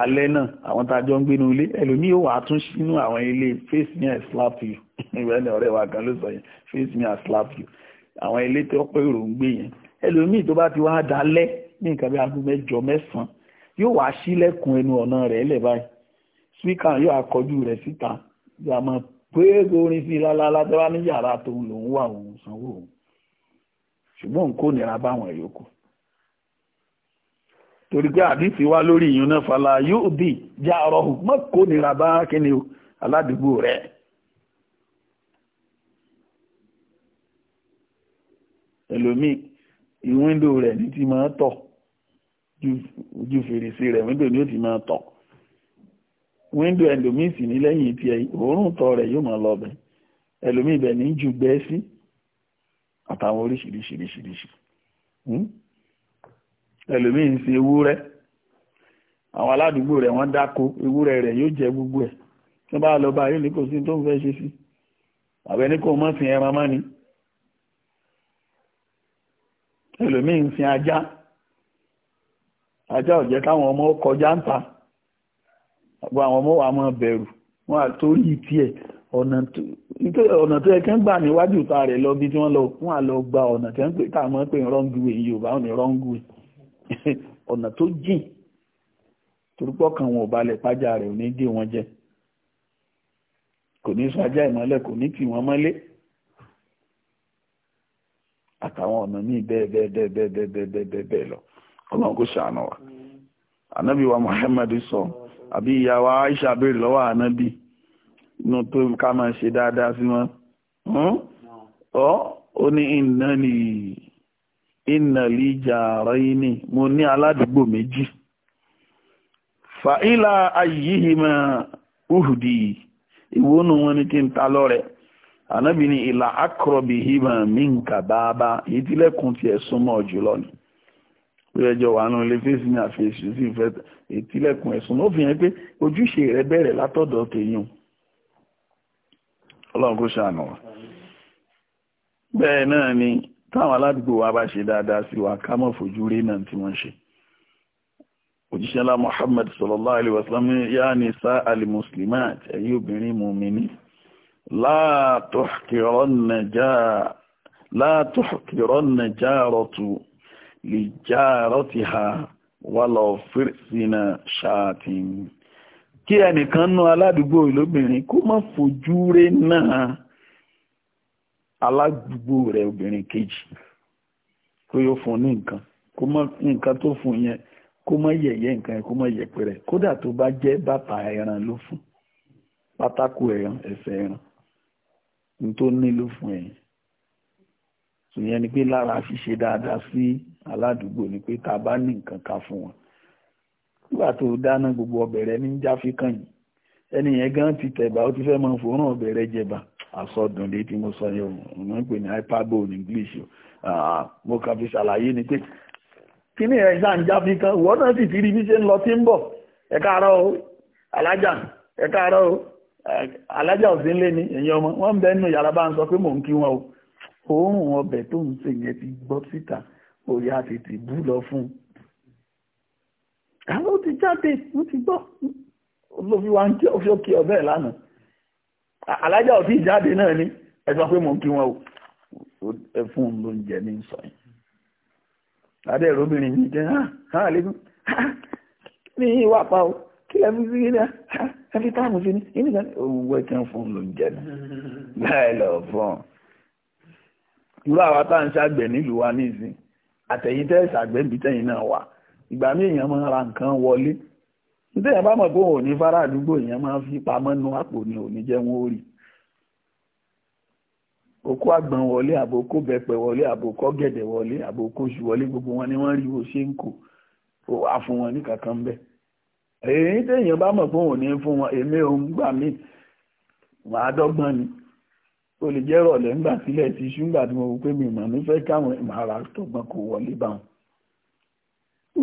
alẹ́ náà àwọn tá a jọ ń gbénu ilé ẹlòmíì ó wà á tún sínú àwọn ilé face me i slap you (laughs) ìwé ni ọ̀rẹ́ wa kan ló sọ yẹn face me i slap you àwọn ilé tó pé èrò ń gbé yẹn ẹlòmíì tó bá ti wá dalẹ́ ní nǹkan bí aago mẹ́jọ mẹ́sàn-án yóò wá sílẹ̀kùn ẹnu ọ̀nà rẹ̀ lẹ̀ báyìí spíkà yóò akọjú rẹ̀ síta yóò àmọ́ pé orin sí lálálá tó wá ní yàrá tó lòún wà òun sanwó òun ṣùgbọ́n nǹkó nira báwọn yòókù torí pé àdìsí wá lórí ìyún náà fàlà yóò dì já ọ̀rọ̀ hù mọ́ kó nira bá kíni aládùúgbò rẹ̀. ẹlòmíì ìwíńdò rẹ̀ ní ti máa tọ̀ ju fèrèsé rẹ̀ wíńdò ní ó ti máa tọ̀ wíńdò ẹlòmíì sì ní lẹ́yìn tiẹ̀ òórùn tọ̀ rẹ̀ yóò máa lọ bẹ̀ ẹlòmíì bẹ̀ ní jù gbẹ́ sí àtàwọn oríṣiríṣiríṣiríṣi. Hmm? ẹlòmíì ń sin ewúrẹ́ àwọn aládùúgbò rẹ̀ wọ́n dáko ewúrẹ́ rẹ̀ yóò jẹ gbogbo ẹ̀ tí wọ́n bá lọ bá yóò ní kò sí tó ń fẹ́ ṣe sí àbẹ̀ ní kò mọ́ sin ẹran mọ́ ni ẹlòmíì ń sin ajá ajá ò jẹ́ káwọn ọmọ kọjá ń ta àbọ̀ àwọn ọmọ wa máa bẹ̀rù wọn àtórí tiẹ̀ ọ̀nà tó ẹ̀kẹ́ ń gbà níwájú ta rẹ̀ lọ bí tí wọ́n lọ wọ́n á gba ọ̀nà tẹ́ ń pè tá a pé wrong way yorùbá ò ní wrong ọ̀nà tó jìn torúpọ̀ kan wọn ò balẹ̀ pájà rẹ̀ ò ní dé wọn jẹ kò ní sọ ajá ìmọ́lẹ̀ kò ní tì wọ́n mọ́lé àtàwọn ọ̀nà míì bẹ́ẹ̀ bẹ́ẹ̀ bẹ́ẹ̀ bẹ́ẹ̀ bẹ́ẹ̀ bẹ́ẹ̀ bẹ́ẹ̀ bẹ́ẹ̀ bẹ́ẹ̀ lọ ọlọ́run kò ṣàánú wa ànábì wa Muhammad sọ àbí ìyá wa Aisha béèrè lọ́wọ́ ànábì inú tó ká máa ṣe dáadáa sí wọn ọ́ ó ní ìnáni ìnàlí jàrá ìní mo ní aládùúgbò méjì fàílà ayíhìmọ̀ uhùdì ìwónú wọn ni kí n ta lọ́rẹ̀ ànábì ni ìlà akọrọ̀bì hìmọ̀ mí nkà bàbá èyí tí lẹ́kùn tiẹ̀ súnmọ́ jùlọ ni pé ẹjọ́ wà nù ilé fèsì ní àfẹ́sì sí ìfẹ́ èyí tí lẹ́kùn ẹ̀sùn ó fi hàn pé ojúṣe rẹ bẹ̀rẹ̀ látọ̀dọ̀ tèyún ọlọ́run kò ṣàánú wa bẹ́ẹ̀ náà ni táwọn aládùúgbò wa bá ṣe dáadáa sí wa ká mọ̀ fojú rí náà tí wọ́n ṣe òjíṣẹ́lá Muhammad sallallahu alaihi wasallam yá ní sá alimuslimat ẹ̀yin obìnrin mùmíní látọ̀kìrọ̀nà járọ̀tù lè járọ̀tì ha wà lọ fírsínà ṣáàtìn kí aládùúgbò rẹ̀ obìnrin kejì kó yóò fún ní nǹkan kó mọ nǹkan tó fún yẹn kó mọ yẹyẹ nǹkan yẹn kó mọ yẹpẹrẹ kódà tó bá jẹ́ bàtà ẹran ló fún pátákó ẹran ẹsẹ̀ ẹran ní tó ní ló fún ẹ̀yìn ìyẹn ni pé lára ṣíṣe dáadáa sí aládùúgbò ni pé tá a bá ní nǹkan ká fún wọn nígbà tó dáná gbogbo ọbẹ̀ rẹ ní jáfi kàn yìí ẹni yẹn gan ti tẹ̀bà ó ti fẹ́ máa fòórùn ọbẹ̀ rẹ jẹ̀bà àsọdùnlé tí mo sọ yẹn o mo ń pè ní hyperbole ní english o mo kàn fi ṣàlàyé ni pé kí ni ẹ̀ ń já kan ìwọ náà sì ti rí bí ṣe ń lọ tí ń bọ̀ ẹ káàárọ̀ o alájà ẹ káàárọ̀ o alájà òsín lé ní ẹ̀yin ọmọ wọ́n ń bẹ nínú yàrá bá ń sọ pé mò ń kí wọn o òórùn ọbẹ̀ tó ń sè yẹn ti gbọ́ síta orí a ti ti bú lọ fún un àwọn ó ti jáde ó ti gbọ́ olófin wa ń kí ọ̀fíọ́kí ọbẹ̀ lánàá alájà ò tí jáde náà ni ẹ sọ pé mo kí wọn o ẹ fún un ló ń jẹ ní sọ yìí adé ah, ah, ìrọbìnrin mi jẹ ah, hàn àlékún ní ìwà pa o kí lẹ fi sí ní ẹ fi táàmù sí ní ìnìkan owó ẹ kàn fún un ló ń jẹ ní láì lọ fún un irú àwa tá à ń ṣàgbẹ̀ nílùú wa nísìn àtẹ̀yìn tẹ́ ṣàgbẹ̀ náà wà ìgbà mí èèyàn máa ra nǹkan wọlé nítorí ẹ̀ bá mọ̀ pé òun ò ní fara àdúgbò yẹn máa fi pamọ́ nu àpò ni òní jẹ́ wọn ó rí òkú àgbọn wọlé àbòkó bẹ̀pẹ̀ wọlé àbòkó gẹ̀dẹ̀ wọlé àbòkó oṣù wọlé gbogbo wọn ni wọ́n rí bó ṣe ń kó wá wọn ní kankan bẹ́ẹ̀ èyí téèyàn bá mọ̀ pé òun fún wọn èmi òun gbà míì wà dọ́gbọ́n ni ó lè jẹ́ rọ̀lẹ́ ńgbà sílẹ̀ ti ṣú tí mo wù pé mi mọ̀ nífẹ̀ẹ́ káwọn ìmọ̀ ara tọgbọ́n kò wọlé bá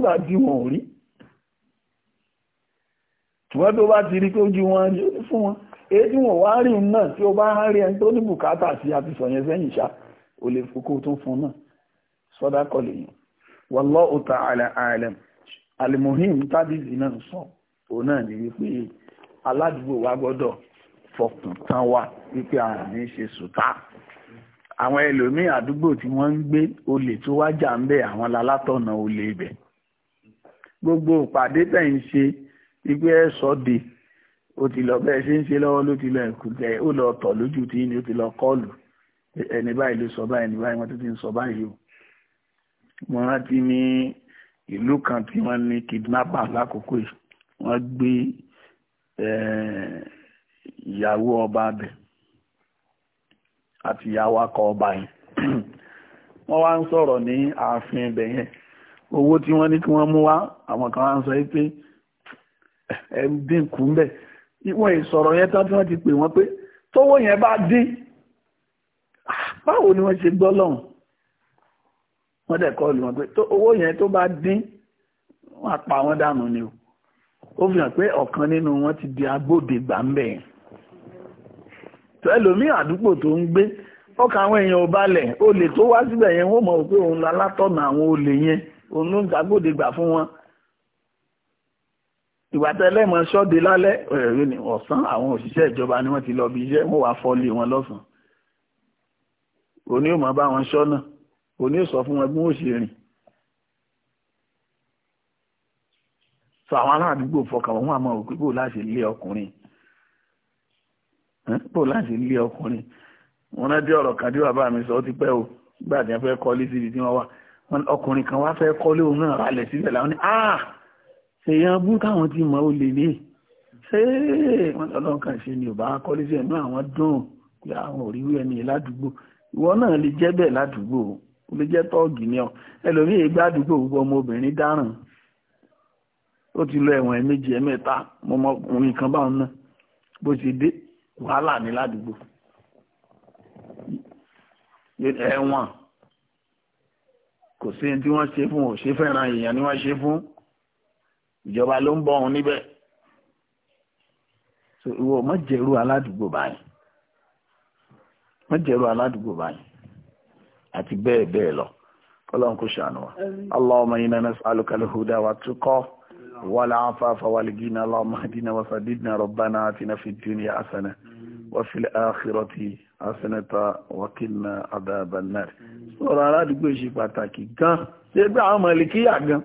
wọn tí wọn ò rí ṣùgbọ́n tó bá ti rí pé ojú wọn rí fún wọn èyí tí wọ́n wá rí náà tí ó bá ń rí ẹni tó ní bùkátà sí àti sọ̀yẹn sẹ́yìn ṣá ò lè fokó tó fún náà sọ́dá kọlẹ̀ yìí wallahu ta'ala a'lam alimohim tábìlì náà sọ òun náà ní wípé aládùúgbò wa gbọ́dọ̀ fọkàn tán wa wípé a ní ṣe sùtá àwọn ẹlòmíín àdúgbò tí wọ́n ń gbé olè tó wájà ń bẹ̀ àwọn lalátọ̀nà olè ibẹ̀ gbogbo ìpàdé tẹ̀ ṣe wípé ẹ sọ de ó ti lọ bẹ́ẹ̀ ṣe ń ṣe lọ́wọ́ ló ti lọ ẹ̀kú jẹ ó lọ tọ̀ lójú tí ní ó ti lọ kọ́ọ̀lù ẹni báyìí ló sọ báyìí ẹni báyìí wọ́n ti ti ń sọ báyìí o mo rántí ní ìlú kan tí wọ́n ní kidnapper lákòókò yìí wọ́n gbé ìyàwó ọba abẹ àti ìyàwó akọ ọba yìí (clears throat) wọ́n wá ń sọ̀rọ̀ ní ààfin ibẹ̀ yẹn owó tí wọ́n ní kí wọ́n mú wá àwọn kan wá ń sọ pé ẹ̀ ń dínkù ń bẹ̀ ìwọ̀n ìsọ̀rọ̀ yẹn tán tí wọ́n ti pè wọ́n pé tówó yẹn bá dín ah, báwo ni wọ́n ṣe gbọ́ lọ́hùn wọ́n dẹ̀ kọ́ lù wọ́n pé owó yẹn tó bá dín wọ́n á pa wọ́n dànù ni o ó fi hàn pé ọ̀kan nínú wọn ti di agbódegbà ń bẹ̀ yẹn tó ẹlòmíì àdúgbò tó ń gbé ọkàn àwọn èèyàn ò balẹ̀ olè tó wá síbẹ̀ yẹn wọ́n mọ̀ pé òun lalátọ̀nà àwọn olè yẹn òun ló ń gbàgbódegbà fún wọn ìgbà tẹ́lẹ̀ mọ́ ṣọ́de lálẹ́ ẹ̀rẹ́ ni ọ̀sán àwọn òṣìṣẹ́ ìjọba ni wọ́n ti lọ bí iṣẹ́ wọ́n wá fọ́lé wọn lọ́sàn òní ò mọ̀ bá wọn ṣọ́nà òní ò sọ fún wọn bí wọ́n ṣe rìn sọ àwọn aládùúgbò fọkàn wọn àmọ́ òkú bò láti lé ọkùnrin bò láti lé ọkùnrin wọn rántí ọ̀rọ̀ kan tí bàbá mi sọ ó ti pẹ́ o gbàdí fẹ́ kọ́lé síbi tí wọ́n wà ọkùnrin kan wá fẹ́ kọ́lé òun náà ralẹ̀ síbẹ̀ láwọn ní ah! èèyàn bú táwọn ti mọ̀ ó lè lè ṣé wọ́n lọ́lọ́run kàn ṣe ni ò bá kọ́lé sí ẹ̀nú àwọn dùn pé àwọn ò rí wí ẹni ládùúgbò ìwọ náà lè jẹ́ bẹ́ẹ̀ ládùúgbò ó lè jẹ́ tọ́ọ̀gì ni ọ ẹlòmíì ìgbà àdúgbò gbogbo ọmọbìnrin dáràn ó ti lọ ẹ̀wọ̀n ẹ̀mejì ẹ̀mẹ́ta ọmọkùnrin kan báwọn náà bó ṣe dé wàhálà ní ládùúgbò ẹ̀wọ̀n kò sí ẹni tí wọ́n ṣe fún ò ṣe fẹ́ràn èèyàn ni wọ́n ṣe fún ìjọba ló ń bọ̀ òun níbẹ̀ ìwọ má jẹ̀rú aládùúgbò báyìí má jẹ̀rú aládùúgbò báyìí àti bẹ́ẹ̀ bẹ́ẹ̀ lọ kọ́lọ́n kò ṣàánú wa allahumma inna nas'aluka al-huda wa tuqa wal afafa wal ghina allahumma hdina wa sadidna rabbana atina fid dunya hasana wa fil akhirati hasana wa qina adhaban nar sọ̀rọ̀ aládùúgbò ṣe pàtàkì gan ṣé bí àwọn mọ̀lẹ́kíyà gan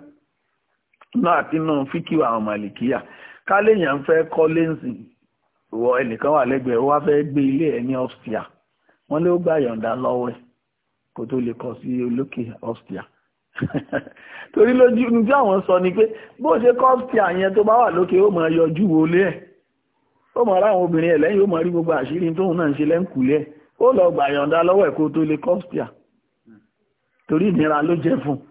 náà àti náà fíkìwà àwọn màlìkíyà ká léèyàn fẹ́ kọ́ lẹ́ǹsì wọ ẹnìkan wà lẹ́gbẹ̀ẹ́ ó wá fẹ́ gbé ilé ẹ̀ ní Austria wọ́n lé ó gbà yọ̀ǹda lọ́wọ́ ẹ̀ kó tó lè kọ́ sí olókè Austria (laughs) torí lójú ní tí àwọn sọ ni pé bó ṣe kọ́ Austria yẹn tó bá wà lókè ó mọ̀ yọjú wọlé ẹ̀ ó mọ̀ ráwọn obìnrin ẹ̀ lẹ́yìn ó mọ̀ rí gbogbo àṣírí tóun náà ń ṣe lẹ́ǹkùlé ẹ̀ ó lọ gbà yọ̀ǹda lọ́wọ́ ẹ̀ kó tó lè kọ́ Austria torí ìnira ló jẹ́ fún un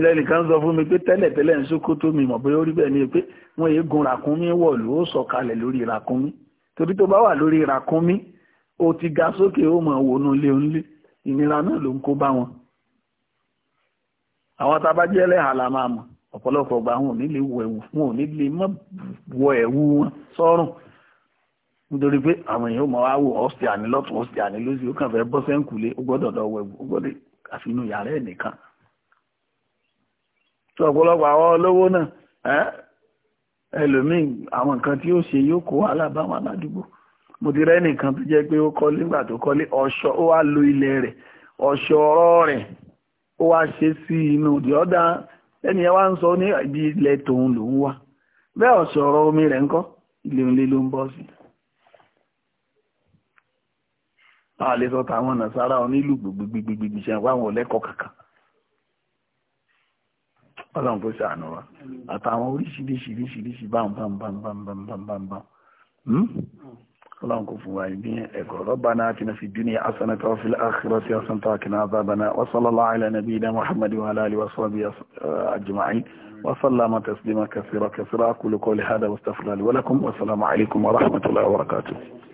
lẹ́nìkan sọ fún mi pé tẹ́lẹ̀tẹ́lẹ̀ ń Sókótó mi mọ̀ pé ó rí bẹ́ẹ̀ ni pé wọ́n yéé gun ràkúnmí wọ̀lú ó sọ̀kalẹ̀ lórí ràkúnmí torí tó bá wà lórí ràkúnmí ó ti ga sókè ó mọ̀ wọnú ilé onílé ìnira náà ló ń kó bá wọn. àwọn tabajẹ́lẹ̀ àlà máa mọ̀ ọ̀pọ̀lọpọ̀ ọgbà wọn ò ní lè wọ ẹ̀wù wọn ò ní lè mọ̀ wọ ẹ̀wù wọn sọ́rùn nítorí pé àwọn èèyàn mọ̀ wá wò ọ́sítì àní lọ́tún ọ́sítì àní lóṣù ó kàn fẹ́ bọ́ sẹ́ńkùlé ó gbọ́dọ̀ lọ wọ ẹ̀wù ó gbọ́dọ̀ àfinú yàrá ẹ̀ nìkan tí ọ̀pọ̀lọpọ̀ àwọn olówó náà ẹlòmíì àwọn nǹkan tí ó ṣe yóò kó wàhálà báwọn aládùúgbò mo ti rẹ́ nìkan tó jẹ́ pé ó kọ́ nígbà tó ó wá lo ilẹ̀ rẹ̀ ọ̀ṣọ́ ọ̀rọ̀ rẹ̀ ó wá ṣe sí inú òdì ọ̀dà ẹni ń sọ ní ibi ilẹ̀ tòun lòún wá bẹ́ẹ̀ ọ̀ṣọ́ ọ̀rọ̀ omi rẹ̀ ilé ló ń bọ́ sí. a sọ nàṣàrà onílù ṣe àwọn ọlọ́run kò ṣàánú wa àtàwọn oríṣiríṣiríṣiríṣi bámbámbámbámbámbámbá hmm? ọlọ́run kò fún wa ní ẹ̀kọ́ rọ́bàná àti náà fi dúnìyà asánàtà ọ̀fìlẹ̀ àkìrọ̀tì asánàtà àkìnà àbábàná wasallá àìlẹ̀ nàbí ilẹ̀ muhammadu aláàlì wasọ́bí àjùmáì wasallama taslima kasira kasira akulu kọlu hada wastafilali walakum wasalamu alaikum wa rahmatullahi wa barakatuh